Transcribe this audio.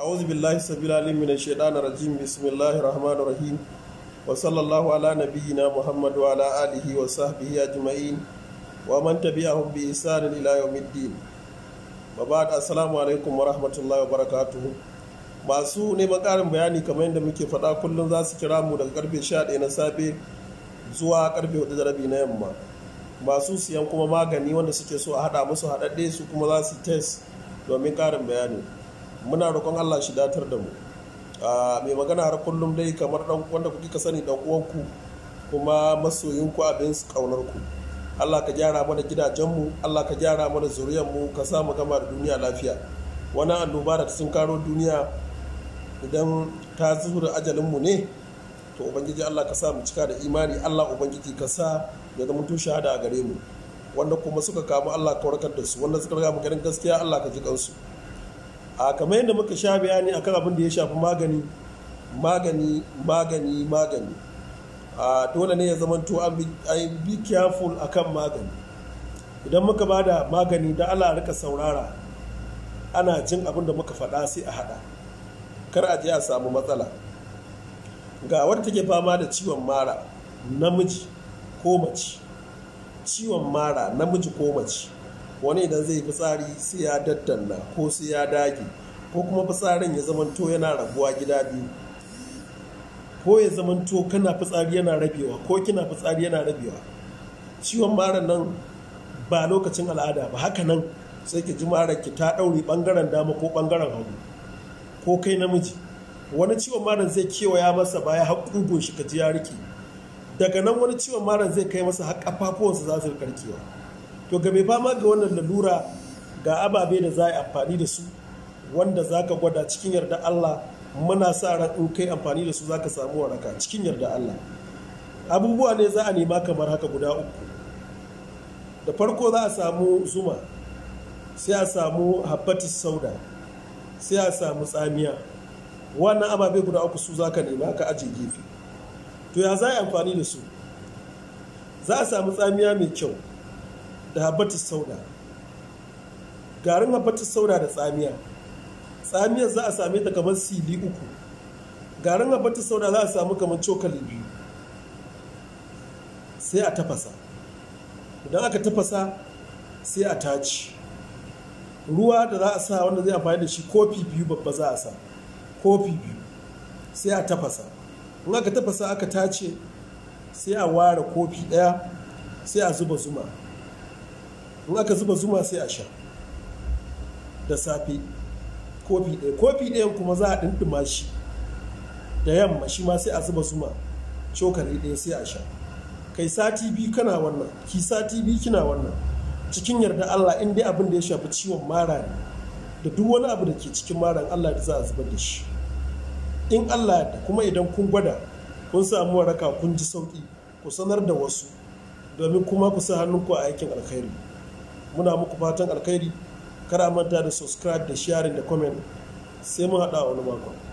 أعوذ بالله السبيل العليم من الشيطان الرجيم بسم الله الرحمن الرحيم وصلى الله على نبينا محمد وعلى آله وصحبه أجمعين ومن تبعهم بإحسان إلى يوم الدين وبعد السلام عليكم ورحمة الله وبركاته masu neman ƙarin bayani kamar yadda muke faɗa kullum za su kira mu daga karfe 11 na safe zuwa karfe 4 da rabi na yamma masu siyan kuma magani wanda suke so a haɗa musu haɗaɗɗe su kuma za su test domin ƙarin bayani muna roƙon Allah shi datar da mu mai magana har kullum dai kamar dan wanda kuka sani dan uwanku kuma masoyinku abin ƙaunarku Allah ka gyara mana gidajenmu Allah ka gyara mana mu ka sa mu gama da duniya lafiya wani annoba da sun karo duniya idan ta zuhura ajalinmu ne to ubangiji Allah ka sa mu cika da imani Allah ubangiji ka sa ya zama tun shahada a gare mu wanda kuma suka kamu Allah ka warkar da su wanda suka riga mu ganin gaskiya Allah ka ji kansu a kamar yadda muka sha bayani akan abin da ya shafi magani magani magani magani a dole ne ya zamanto an bi careful akan magani idan muka ba da magani da ala rika saurara ana jin abin da muka faɗa sai a haɗa kar a je a samu matsala ga wadda take fama da ciwon mara namiji ko mace ciwon mara namiji ko mace wani idan zai fitsari sai ya daddanna ko sai ya dage ko kuma fitsarin ya zamanto yana rabuwa gida biyu ko ya zamanto kana fitsari yana rabewa ko kina fitsari yana rabewa ciwon marar nan ba lokacin al'ada ba haka nan sai ki ji marar ki ta ɗaure ɓangaren dama ko ɓangaren hagu ko kai namiji wani ciwon marar zai kewaya masa baya har ƙugun shi ka ji ya rike daga nan wani ciwon marar zai kai masa har ƙafafuwansa za su rikarkewa to ga mai fama ga wannan lalura ga ababe da za a yi amfani da su wanda za ka gwada cikin yarda Allah muna sa ran in kai amfani da su za ka samu waraka cikin yarda Allah abubuwa ne za a nema kamar haka guda uku da farko za a samu zuma sai a samu hepatitis sauda sai a samu tsamiya wannan ababe guda uku su za ka nema ka aje gefe to ya za a yi amfani da su za a samu tsamiya mai kyau da habbatus sauda garin habbatus sauda da tsamiya tsamiyar za a same ta kamar sili uku garin habbatus sauda za a samu kamar cokali biyu sai a tafasa idan aka tafasa sai a taci ruwa da za a sa wanda zai amfani da shi kofi biyu babba za a sa kofi biyu sai a tafasa in aka tafasa aka tace sai a ware kofi ɗaya sai a zuba zuma in aka zuba zuma sai a sha da safe kofi ɗaya kofi ɗaya kuma za a ɗinɗima shi da yamma shi ma sai a zuba zuma cokali ɗaya sai a sha kai sati biyu kana wannan ki sati biyu kina wannan cikin yarda Allah in dai abin da ya shafi ciwon mara ne da duk wani abu da ke cikin mara Allah da za a zubar da shi in Allah da kuma idan kun gwada kun samu waraka kun ji sauki ku sanar da wasu domin kuma ku sa hannunku a aikin alkhairi muna muku fatan alkhairi kada manta da subscribe da sharing da comment sai mun haɗa wani makon